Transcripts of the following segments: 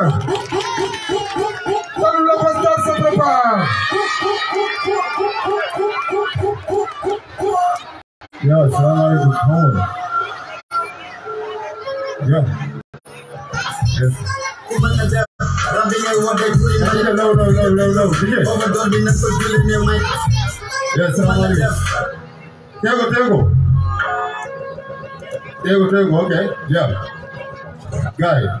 Yeah, it's not like it's cold. Yeah. Yes. No, no, no, no, no, okay. Yeah. Guy.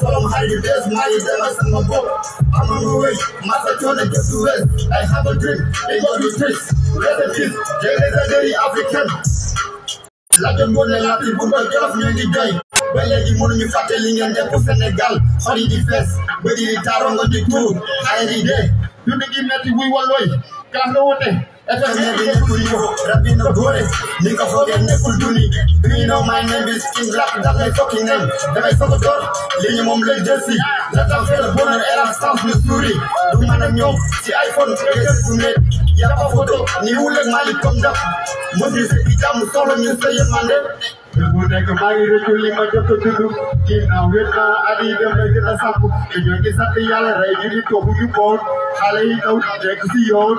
Tell them how you dress, now you tell us I'm a book. I'm on the way, my trying to get to rest. I have a drink, they got me tricks. Recipes, they is a very African. Like a money, like people, but just me the guy. Belle di moun mi fateling en depo Senegal Sorry di fes, bedi di taron go di kou Aeri de, yu di di neti wi waloy Kan do wote, Eternal bi nekkul yow rabbi na góore ni nga foogee nekkul duni do you know my King Black ndax lay fucking name damay soog a door lii ñu moom lay la tax fee la bonheur et la chance le sourire du man ak ñoom si iPhone kër fu nekk yaa ko photo ni wuleeg Malick comme ndax mos ñu si jàmm soxla ñu sa yërmande mu nekk maa ngi rëccu ma jot a dund ginnaaw wét naa at yi dem na gën a sàpp dañoo ngi rey ñu di toog ñu boon yi daw nekk si yoon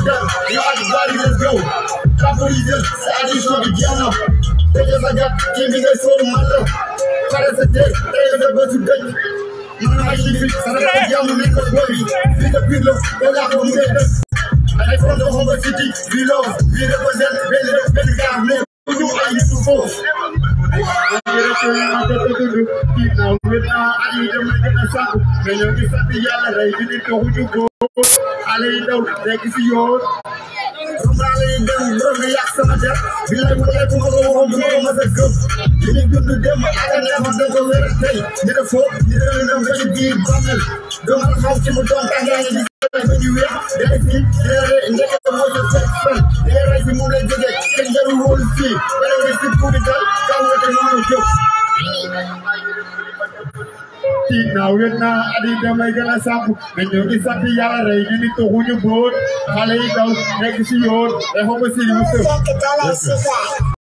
is done. Your body is go. Couple is done. Addition of the piano. Because I got giving us all my love. Paris a day. They are the best to take. Man, I should be. Sarah, I'm a little worried. With the pillow. All I want is I from the home city. We love. We represent. We love. We love. Who are you to force? Keep now with our eye, you don't make it a sound. May you disappear, I didn't know who you go. la ñuy daw nekk si yoon romaa la ñuy daw mën nga yàq sama der bi lay wala bu ma ko waxoon bu ma ko mas a gëm li ñu dund démb ak neexoon da ko wér tey ñu ne foofu ñu ne la dem ba ci biir bàmmeel doo xam xaw ci mu doon tàngaay di ba ñu wér day fi leere ndeke moo ca fekk fan leere bi moom lay jógee te njaru woon fii wala nga si kuuri dal kaw wate noonu jëf tiit naa wéet naa adi na ñëw di sant yàlla rey ñu ni tuxuñu bóot xale yi daw nekk si yoon dafa